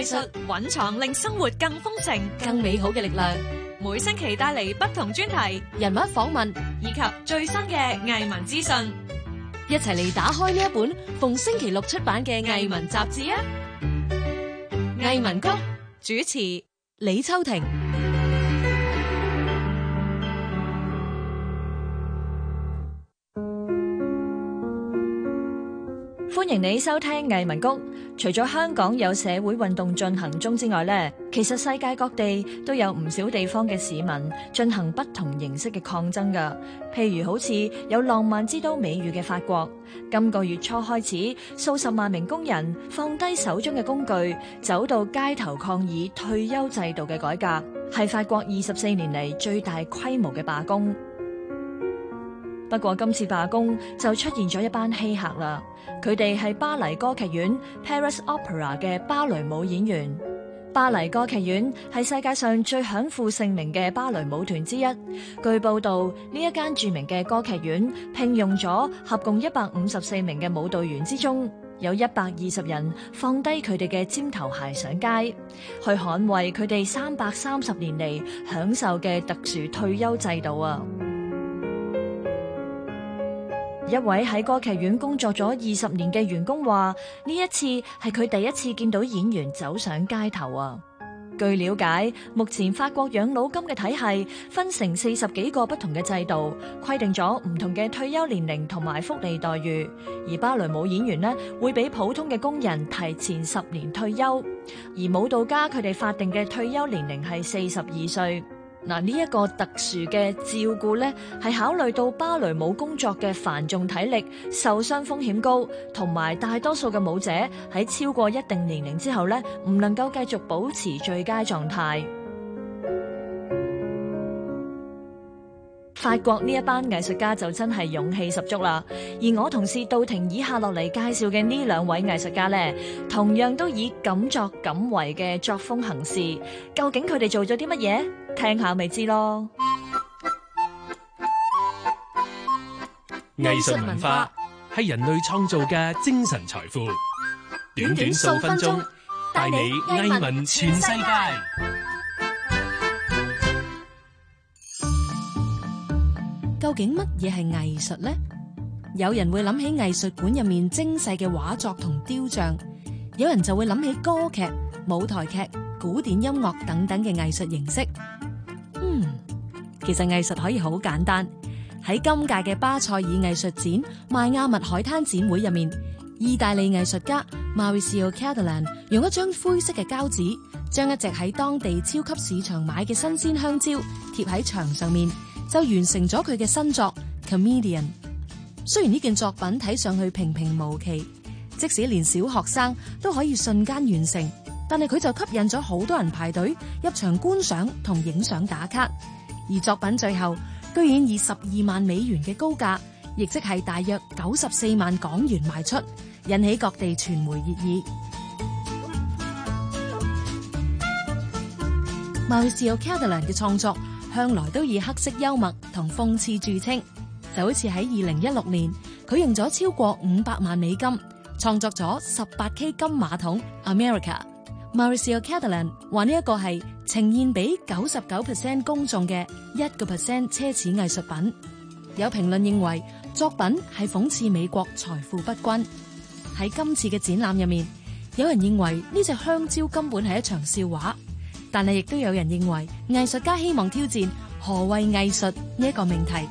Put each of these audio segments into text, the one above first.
藝術蘊藏令生活更豐盛、更美好嘅力量，每星期帶嚟不同專題、人物訪問以及最新嘅藝文資訊，一齊嚟打開呢一本逢星期六出版嘅藝文雜誌啊！藝文谷主持李秋婷。歡迎你收聽藝文谷。除咗香港有社會運動進行中之外咧，其實世界各地都有唔少地方嘅市民進行不同形式嘅抗爭噶。譬如好似有浪漫之都美譽嘅法國，今個月初開始，數十萬名工人放低手中嘅工具，走到街頭抗議退休制度嘅改革，係法國二十四年嚟最大規模嘅罷工。不過今次罷工就出現咗一班稀客啦，佢哋係巴黎歌劇院 （Paris Opera） 嘅芭蕾舞演員。巴黎歌劇院係世界上最享負盛名嘅芭蕾舞團之一。據報道，呢一間著名嘅歌劇院聘用咗合共一百五十四名嘅舞蹈員之中，有一百二十人放低佢哋嘅尖頭鞋上街，去捍衛佢哋三百三十年嚟享受嘅特殊退休制度啊！一位喺歌劇院工作咗二十年嘅員工話：呢一次係佢第一次見到演員走上街頭啊！據了解，目前法國養老金嘅體系分成四十幾個不同嘅制度，規定咗唔同嘅退休年齡同埋福利待遇。而芭蕾舞演員咧會比普通嘅工人提前十年退休，而舞蹈家佢哋法定嘅退休年齡係四十二歲。嗱，呢一個特殊嘅照顧呢，係考慮到芭蕾舞工作嘅繁重體力、受傷風險高，同埋大多數嘅舞者喺超過一定年齡之後呢，唔能夠繼續保持最佳狀態。法國呢一班藝術家就真係勇氣十足啦。而我同事秋婷以下落嚟介紹嘅呢兩位藝術家呢，同樣都以敢作敢為嘅作風行事。究竟佢哋做咗啲乜嘢？聽下咪知咯。藝術文化係人類創造嘅精神財富。短短數分鐘，帶你藝聞全世界。究竟乜嘢係藝術呢？有人會諗起藝術館入面精細嘅畫作同雕像，有人就會諗起歌劇、舞台劇、古典音樂等等嘅藝術形式。其實藝術可以好簡單。喺今屆嘅巴塞爾藝術展邁亞密海灘展會入面，意大利藝術家 Maurizio Cattelan 用一張灰色嘅膠紙，將一隻喺當地超級市場買嘅新鮮香蕉貼喺牆上面，就完成咗佢嘅新作《Comedian》 Com。雖然呢件作品睇上去平平無奇，即使連小學生都可以瞬間完成，但係佢就吸引咗好多人排隊入場觀賞同影相打卡。而作品最後居然以十二萬美元嘅高價，亦即係大約九十四萬港元賣出，引起各地傳媒熱議。茂士奧 k e r d a l 嘅創作向來都以黑色幽默同諷刺著稱，就好似喺二零一六年，佢用咗超過五百萬美金創作咗十八 K 金馬桶 America。Marie-Claude Cadalen 話呢一個係呈現俾九十九 percent 公眾嘅一個 percent 奢侈藝術品。有評論認為作品係諷刺美國財富不均。喺今次嘅展覽入面，有人認為呢隻香蕉根本係一場笑話，但係亦都有人認為藝術家希望挑戰何謂藝術呢一個命題。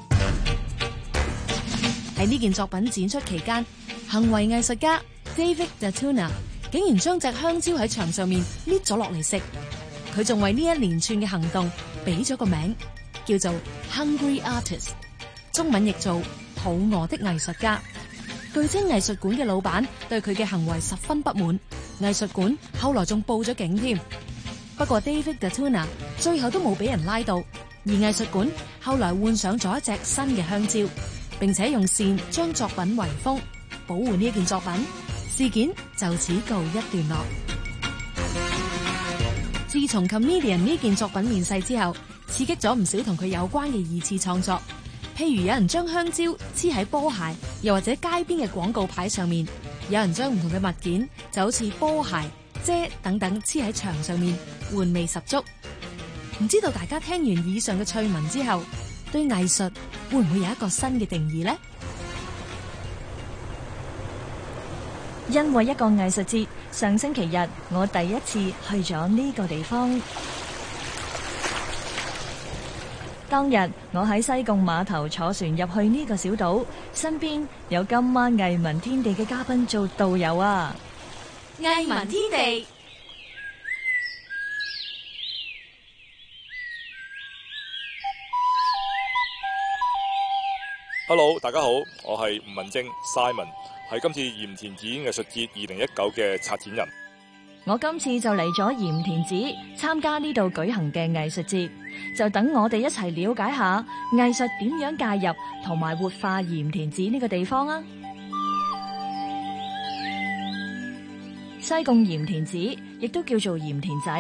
喺呢件作品展出期間，行為藝術家 David Datuna，竟然將隻香蕉喺牆上面搣咗落嚟食，佢仲為呢一連串嘅行動俾咗個名叫做 Hungry Artist，中文譯做“肚餓的藝術家”。據稱，藝術館嘅老闆對佢嘅行為十分不滿，藝術館後來仲報咗警添。不過 David Datuna 最後都冇俾人拉到，而藝術館後來換上咗一隻新嘅香蕉，並且用線將作品圍封，保護呢一件作品。事件就此告一段落。自從。自從《Comedian》呢件作品面世之後，刺激咗唔少同佢有關嘅二次創作。譬如有人將香蕉黐喺波鞋，又或者街邊嘅廣告牌上面；有人將唔同嘅物件，就好似波鞋、遮等等黐喺牆上面，玩味十足。唔知道大家聽完以上嘅趣聞之後，對藝術會唔會有一個新嘅定義呢？因為一個藝術節，上星期日我第一次去咗呢個地方。當日我喺西貢碼頭坐船入去呢個小島，身邊有今晚藝文天地嘅嘉賓做導遊啊！藝文天地，Hello，大家好，我係吳文正，Simon。係今次鹽田梓藝術節二零一九嘅策展人，我今次就嚟咗鹽田梓參加呢度舉行嘅藝術節，就等我哋一齊了解下藝術點樣介入同埋活化鹽田梓呢個地方啊！西貢鹽田梓亦都叫做鹽田仔，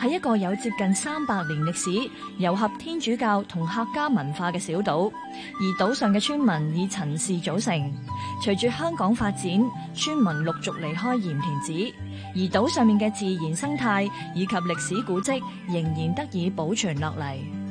係一個有接近三百年歷史，揉合天主教同客家文化嘅小島。而島上嘅村民以陳氏組成。隨住香港發展，村民陸續離開鹽田梓。而島上面嘅自然生態以及歷史古蹟仍然得以保存落嚟。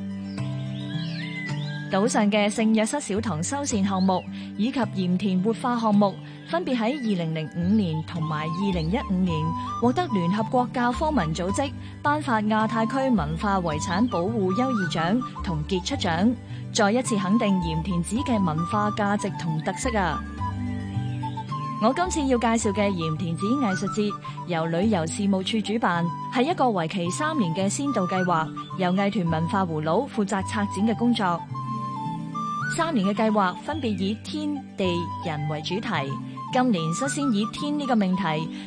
島上嘅聖約瑟小堂修繕項目以及鹽田活化項目，分別喺二零零五年同埋二零一五年獲得聯合國教科文組織頒發亞太區文化遺產保護優異獎同傑出獎，再一次肯定鹽田梓嘅文化價值同特色啊！我今次要介紹嘅鹽田梓藝術節，由旅遊事務署主辦，係一個為期三年嘅先導計劃，由藝團文化葫蘆負責策展嘅工作。三年嘅計劃分別以天地人為主題，今年率先以天呢個命題，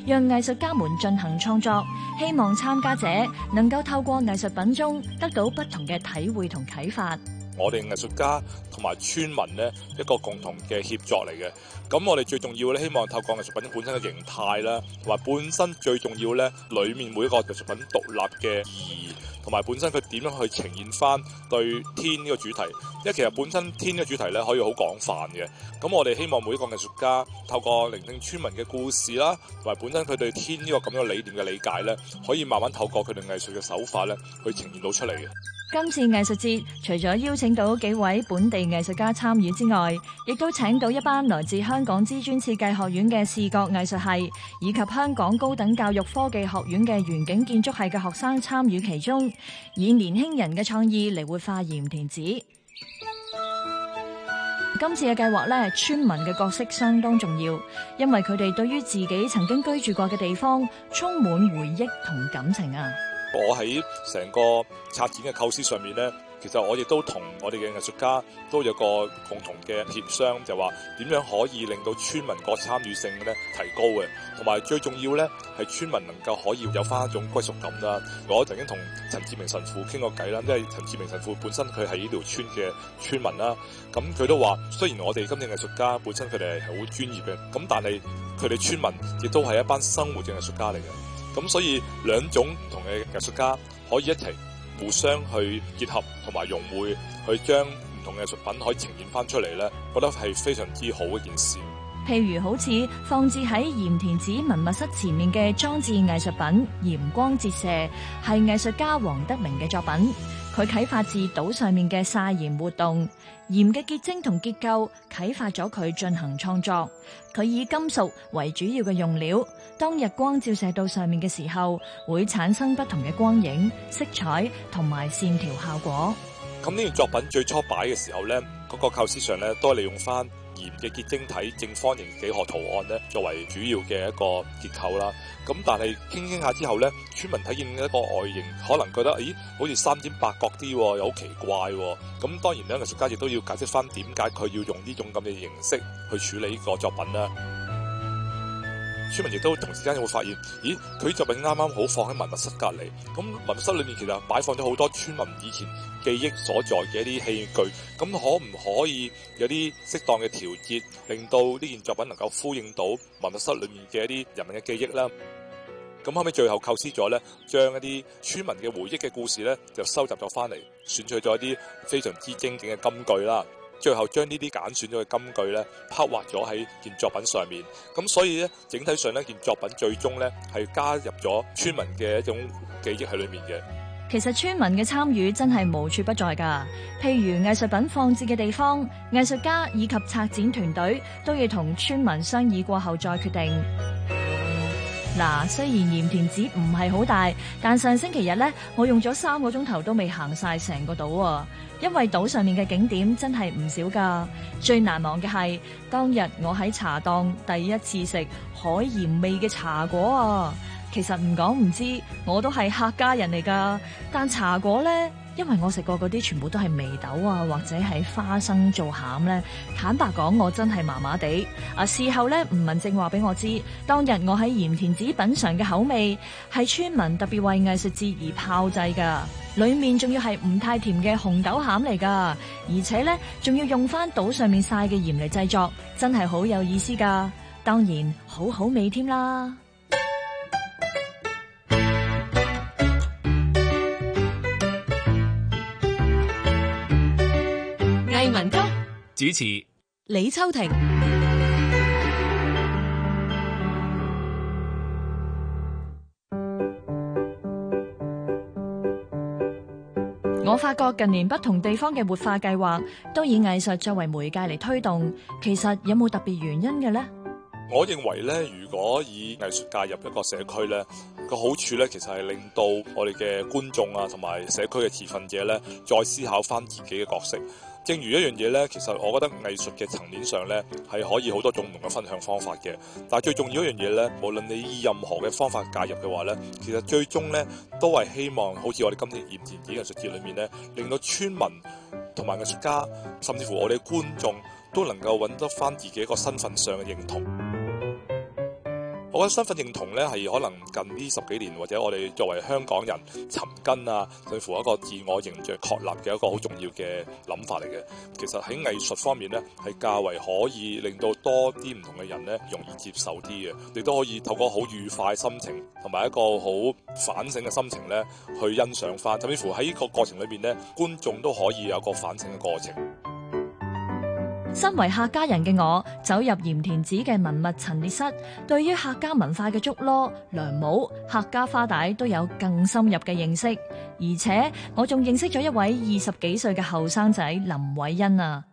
讓藝術家們進行創作，希望參加者能夠透過藝術品中得到不同嘅體會同啟發。我哋藝術家同埋村民呢，一個共同嘅協作嚟嘅，咁我哋最重要呢，希望透過藝術品本身嘅形態啦，同埋本身最重要呢，裏面每一個藝術品獨立嘅意義，同埋本身佢點樣去呈現翻對天呢個主題，因為其實本身天嘅主題呢，可以好廣泛嘅，咁我哋希望每一個藝術家透過聆聽村民嘅故事啦，同埋本身佢對天呢個咁樣嘅理念嘅理解呢，可以慢慢透過佢哋藝術嘅手法呢，去呈現到出嚟嘅。今次藝術節，除咗邀請到幾位本地藝術家參與之外，亦都請到一班來自香港知專設計學院嘅視覺藝術系，以及香港高等教育科技學院嘅園景建築系嘅學生參與其中，以年輕人嘅創意嚟活化鹽田梓。今次嘅計劃呢，村民嘅角色相當重要，因為佢哋對於自己曾經居住過嘅地方充滿回憶同感情啊。我喺成個策展嘅構思上面呢，其實我亦都同我哋嘅藝術家都有一個共同嘅協商，就話、是、點樣可以令到村民個參與性呢提高嘅，同埋最重要呢，係村民能夠可以有翻一種歸屬感啦。我曾經同陳志明神父傾過偈啦，因為陳志明神父本身佢係呢條村嘅村民啦，咁佢都話雖然我哋今年藝術家本身佢哋係好專業嘅，咁但係佢哋村民亦都係一班生活嘅藝術家嚟嘅。咁所以兩種唔同嘅藝術家可以一齊互相去結合同埋融匯，去將唔同藝術品可以呈現翻出嚟咧，覺得係非常之好一件事。譬如好似放置喺鹽田梓文物室前面嘅裝置藝術品《鹽光折射》，係藝術家黃德明嘅作品。佢啟發自島上面嘅曬鹽活動，鹽嘅結晶同結構啟發咗佢進行創作。佢以金屬為主要嘅用料。當日光照射到上面嘅時候，會產生不同嘅光影、色彩同埋線條效果。咁呢件作品最初擺嘅時候咧，嗰個構思上咧都係利用翻鹽嘅結晶體正方形幾何圖案咧作為主要嘅一個結構啦。咁但係傾傾下之後咧，村民睇見一個外形，可能覺得咦，好似三點八角啲，又好奇怪喎。咁當然，兩位藝術家亦都要解釋翻點解佢要用呢種咁嘅形式去處理呢個作品咧。村民亦都同時間會發現，咦，佢作品啱啱好放喺文物室隔離，咁文物室裏面其實擺放咗好多村民以前記憶所在嘅一啲器具，咁可唔可以有啲適當嘅調節，令到呢件作品能夠呼應到文物室裏面嘅一啲人民嘅記憶啦，咁後尾最後構思咗呢，將一啲村民嘅回憶嘅故事呢，就收集咗翻嚟，選取咗一啲非常之經典嘅金句啦。最後將呢啲揀選咗嘅金句咧，刻畫咗喺件作品上面。咁所以咧，整體上呢件作品最終咧，係加入咗村民嘅一種記憶喺裏面嘅。其實村民嘅參與真係無處不在噶。譬如藝術品放置嘅地方，藝術家以及策展團隊都要同村民商議過後再決定。嗱，雖然鹽田梓唔係好大，但上星期日咧，我用咗三個鐘頭都未行晒成個島。因為島上面嘅景點真係唔少噶，最難忘嘅係當日我喺茶檔第一次食海鹽味嘅茶果啊！其實唔講唔知，我都係客家人嚟噶，但茶果呢，因為我食過嗰啲全部都係眉豆啊或者係花生做餡呢。坦白講我真係麻麻地啊！事後呢，吳文正話俾我知，當日我喺鹽田梓品嘗嘅口味係村民特別為藝術節而炮製噶。裏面仲要係唔太甜嘅紅豆餡嚟噶，而且咧仲要用翻島上面曬嘅鹽嚟製作，真係好有意思噶。當然好好味添啦。藝文谷主持李秋婷。我發覺近年不同地方嘅活化計劃都以藝術作為媒介嚟推動，其實有冇特別原因嘅呢？我認為咧，如果以藝術介入一個社區咧，個好處咧，其實係令到我哋嘅觀眾啊，同埋社區嘅持份者咧，再思考翻自己嘅角色。正如一樣嘢呢，其實我覺得藝術嘅層面上呢，係可以好多種唔同嘅分享方法嘅。但係最重要一樣嘢呢，無論你以任何嘅方法介入嘅話呢，其實最終呢，都係希望，好似我哋今天鹽田梓藝術節裏面呢，令到村民同埋藝術家，甚至乎我哋觀眾，都能夠揾得返自己一個身份上嘅認同。我覺得身份認同咧，係可能近呢十幾年，或者我哋作為香港人尋根啊，甚至乎一個自我形象確立嘅一個好重要嘅諗法嚟嘅。其實喺藝術方面咧，係較為可以令到多啲唔同嘅人咧，容易接受啲嘅。你都可以透過好愉快心情，同埋一個好反省嘅心情咧，去欣賞翻，甚至乎喺個過程裏面，咧，觀眾都可以有個反省嘅過程。身為客家人嘅我，走入鹽田梓嘅文物陳列室，對於客家文化嘅竹籮、涼帽、客家花帶都有更深入嘅認識。而且我仲認識咗一位二十幾歲嘅後生仔林偉恩啊！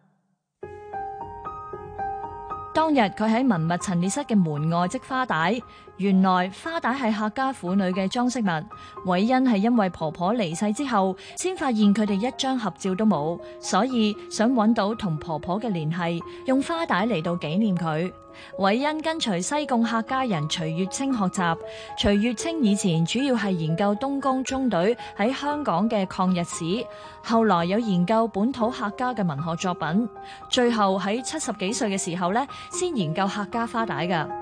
當日佢喺文物陳列室嘅門外織花帶。原來花帶係客家婦女嘅裝飾物，偉恩係因為婆婆離世之後，先發現佢哋一張合照都冇，所以想揾到同婆婆嘅聯繫，用花帶嚟到紀念佢。偉恩跟隨西貢客家人徐月清學習，徐月清以前主要係研究東江中隊喺香港嘅抗日史，後來有研究本土客家嘅文學作品，最後喺七十幾歲嘅時候呢，先研究客家花帶噶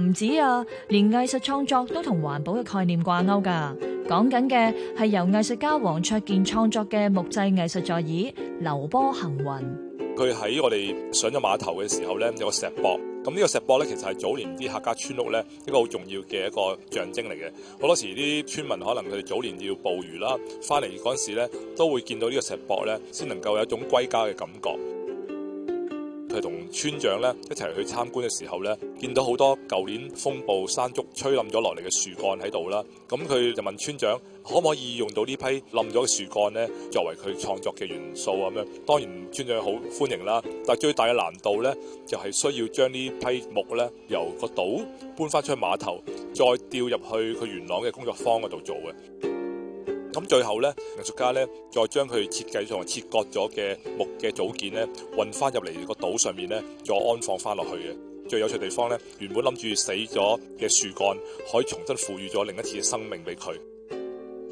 唔止啊，連藝術創作都同環保嘅概念掛鈎噶。講緊嘅係由藝術家黃卓健創作嘅木製藝術座椅《流波行雲》。佢喺我哋上咗碼頭嘅時候咧，有個石駁。咁、這、呢個石駁咧，其實係早年啲客家村屋咧一個好重要嘅一個象徵嚟嘅。好多時啲村民可能佢哋早年要捕魚啦，翻嚟嗰陣時咧都會見到呢個石駁咧，先能夠有一種歸家嘅感覺。佢同村長咧一齊去參觀嘅時候咧，見到好多舊年風暴山竹吹冧咗落嚟嘅樹幹喺度啦。咁佢就問村長，可唔可以用到呢批冧咗嘅樹幹咧，作為佢創作嘅元素啊？咁樣當然村長好歡迎啦。但係最大嘅難度咧，就係需要將呢批木咧由個島搬翻出去碼頭，再吊入去佢元朗嘅工作坊嗰度做嘅。咁最後呢，藝術家呢再將佢設計埋切割咗嘅木嘅組件呢運返入嚟個島上面呢，再安放返落去嘅。最有趣的地方呢，原本諗住死咗嘅樹幹，可以重新賦予咗另一次生命俾佢。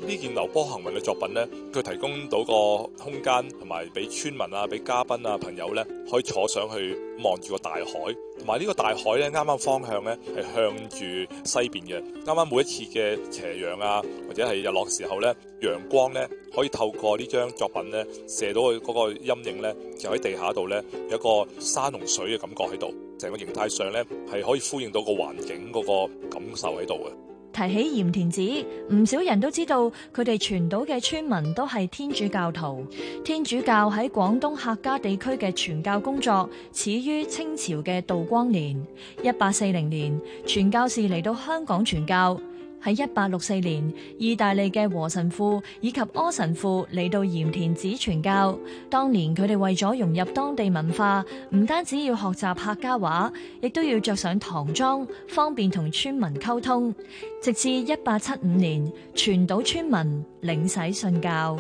呢件流波行雲嘅作品呢，佢提供到個空間，同埋俾村民啊、俾嘉賓啊、朋友呢、啊，可以坐上去望住個大海。同埋呢個大海呢啱啱方向呢，係向住西邊嘅。啱啱每一次嘅斜陽啊，或者係日落時候呢，陽光呢，可以透過呢張作品呢射到去嗰個陰影呢，就喺地下度呢，有一個山同水嘅感覺喺度。成個形態上呢，係可以呼應到個環境嗰個感受喺度嘅。提起鹽田梓，唔少人都知道佢哋全島嘅村民都係天主教徒。天主教喺廣東客家地區嘅傳教工作始於清朝嘅道光年，一八四零年，傳教士嚟到香港傳教。喺一八六四年，意大利嘅和神父以及柯神父嚟到鹽田梓傳教。當年佢哋為咗融入當地文化，唔單止要學習客家話，亦都要着上唐裝，方便同村民溝通。直至一八七五年，全島村民領洗信教。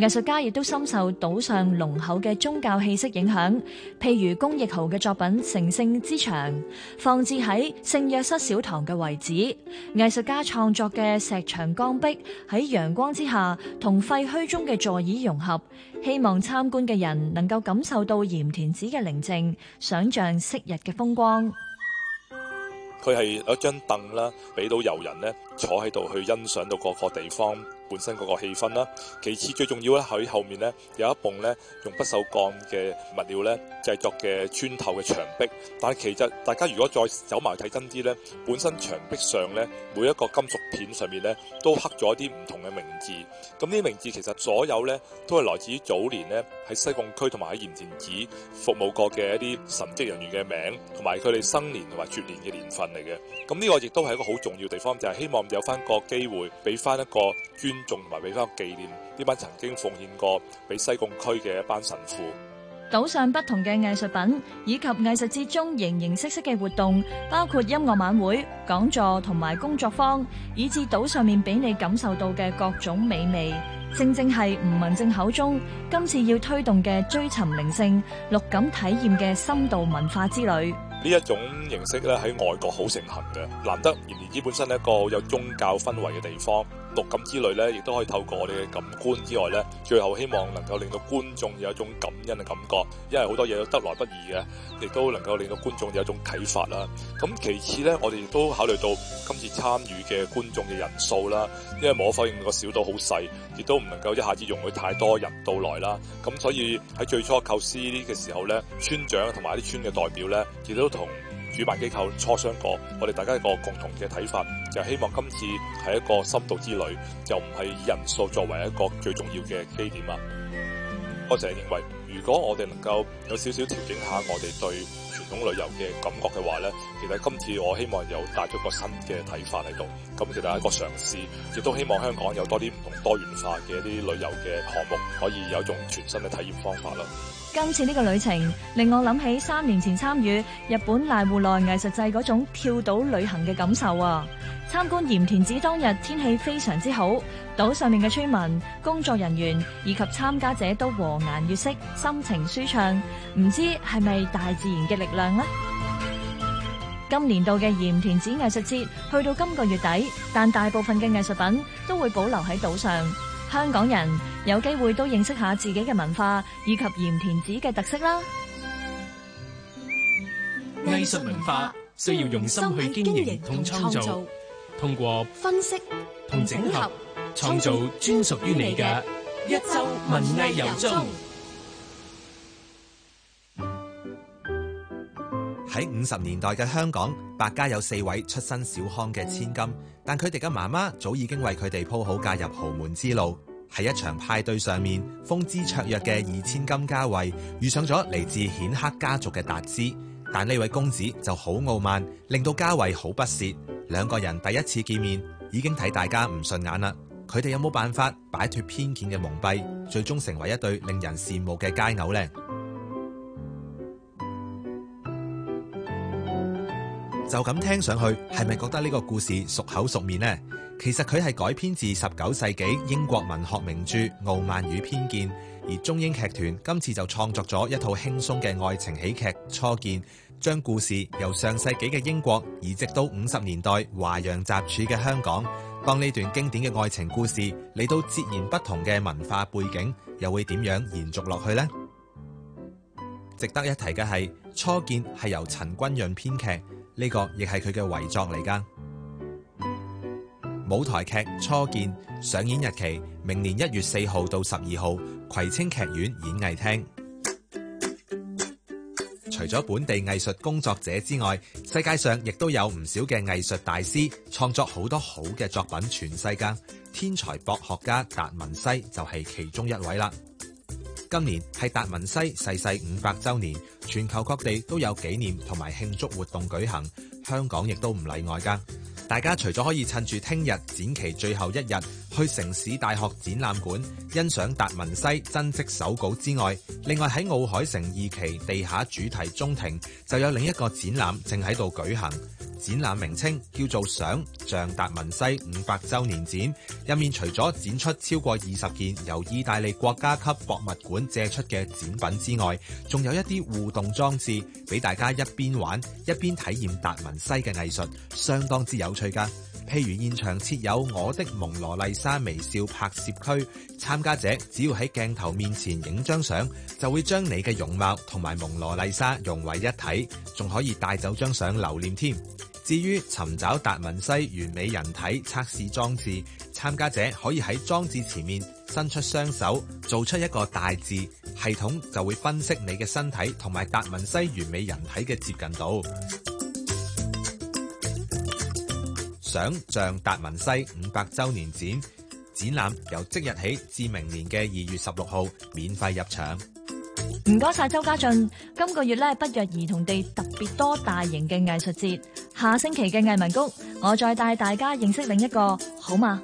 藝術家亦都深受島上濃厚嘅宗教氣息影響，譬如，宮亦豪嘅作品《成聖之牆》，放置喺聖約瑟小堂嘅位置。藝術家創作嘅石牆光壁喺陽光之下，同廢墟中嘅座椅融合，希望參觀嘅人能夠感受到鹽田梓嘅寧靜，想象昔日嘅風光。佢係有一張凳啦，俾到遊人咧坐喺度去欣賞到各個地方。本身嗰個氣氛啦，其次最重要咧喺後面咧有一縫咧用不銹鋼嘅物料咧製作嘅磚頭嘅牆壁，但係其實大家如果再走埋睇真啲咧，本身牆壁上咧每一個金屬片上面咧都刻咗一啲唔同嘅名字，咁呢啲名字其實所有咧都係來自於早年咧喺西貢區同埋喺鹽田梓服務過嘅一啲神職人員嘅名同埋佢哋生年同埋卒年嘅年份嚟嘅，咁呢個亦都係一個好重要的地方，就係、是、希望有翻個機會俾翻一個。專仲同埋俾翻個紀念呢班曾經奉獻過俾西貢區嘅一班神父，島上不同嘅藝術品，以及藝術節中形形色色嘅活動，包括音樂晚會、講座同埋工作坊，以至島上面俾你感受到嘅各種美味，正正係吳文正口中今次要推動嘅追尋靈性、六感體驗嘅深度文化之旅。呢一種形式咧喺外國好盛行嘅，難得而而之本身一個有宗教氛圍嘅地方。六感之類咧，亦都可以透過我哋嘅感官之外咧，最後希望能夠令到觀眾有一種感恩嘅感覺，因為好多嘢都得來不易嘅，亦都能夠令到觀眾有一種啟發啦。咁其次呢，我哋亦都考慮到今次參與嘅觀眾嘅人數啦，因為我發現個小島好細，亦都唔能夠一下子容許太多人到來啦。咁所以喺最初構思呢嘅時候呢，村長同埋啲村嘅代表呢，亦都同。主辦機構磋商過，我哋大家一個共同嘅睇法就係希望今次係一個深度之旅，就唔係以人數作為一個最重要嘅基點啊！我成日認為，如果我哋能夠有少少調整一下我哋對傳統旅遊嘅感覺嘅話呢，其實今次我希望有帶出個新嘅睇法喺度，咁其實係一個嘗試，亦都希望香港有多啲唔同多元化嘅一啲旅遊嘅項目，可以有一種全新嘅體驗方法。今次呢個旅程令我諗起三年前參與日本瀨戶內藝術祭嗰種跳島旅行嘅感受啊！參觀鹽田梓當日天氣非常之好，島上面嘅村民、工作人員以及參加者都和顏悅色、心情舒暢，唔知係咪大自然嘅力量呢？今年度嘅鹽田梓藝術節去到今個月底，但大部分嘅藝術品都會保留喺島上。香港人有機會都認識下自己嘅文化以及鹽田梓嘅特色啦。藝術文化需要用心去經營同創造，通過分析同整合，創造專屬於你嘅一週文藝遊蹤。喺五十年代嘅香港，白家有四位出身小康嘅千金，但佢哋嘅媽媽早已經為佢哋鋪好嫁入豪門之路。喺一場派對上面，風姿綽約嘅二千金嘉慧遇上咗嚟自顯赫家族嘅達之，但呢位公子就好傲慢，令到嘉慧好不屑。兩個人第一次見面已經睇大家唔順眼啦。佢哋有冇辦法擺脫偏見嘅蒙蔽，最終成為一對令人羨慕嘅佳偶咧？就咁聽上去，係咪覺得呢個故事熟口熟面呢？其實佢係改編自十九世紀英國文學名著《傲慢與偏見》，而中英劇團今次就創作咗一套輕鬆嘅愛情喜劇《初見》，將故事由上世紀嘅英國移植到五十年代華洋雜處嘅香港。當呢段經典嘅愛情故事嚟到截然不同嘅文化背景，又會點樣延續落去呢？值得一提嘅係，《初見》係由陳君潤編劇。呢個亦係佢嘅遺作嚟噶。舞台劇《初見》上演日期明年一月四號到十二號，葵青劇院演藝廳。除咗本地藝術工作者之外，世界上亦都有唔少嘅藝術大師創作好多好嘅作品。全世界天才博學家達文西就係其中一位啦。今年係達文西逝世五百週年。全球各地都有紀念同埋慶祝活動舉行，香港亦都唔例外㗎。大家除咗可以趁住聽日展期最後一日，去城市大學展覽館欣賞達文西真跡手稿之外，另外喺奧海城二期地下主題中庭就有另一個展覽正喺度舉行。展覽名稱叫做《想像達文西五百周年展》，入面除咗展出超過二十件由意大利國家級博物館借出嘅展品之外，仲有一啲互動裝置俾大家一邊玩一邊體驗達文西嘅藝術，相當之有趣㗎。譬如現場設有我的蒙羅麗莎微笑拍攝區，參加者只要喺鏡頭面前影張相，就會將你嘅容貌同埋蒙羅麗莎融為一體，仲可以帶走張相留念添。至於尋找達文西完美人體測試裝置，參加者可以喺裝置前面伸出雙手，做出一個大字，系統就會分析你嘅身體同埋達文西完美人體嘅接近度。想像達文西五百周年展，展覽由即日起至明年嘅二月十六號，免費入場。唔該晒周家俊。今個月呢不約而同地特別多大型嘅藝術節。下星期嘅藝文谷，我再帶大家認識另一個，好嗎？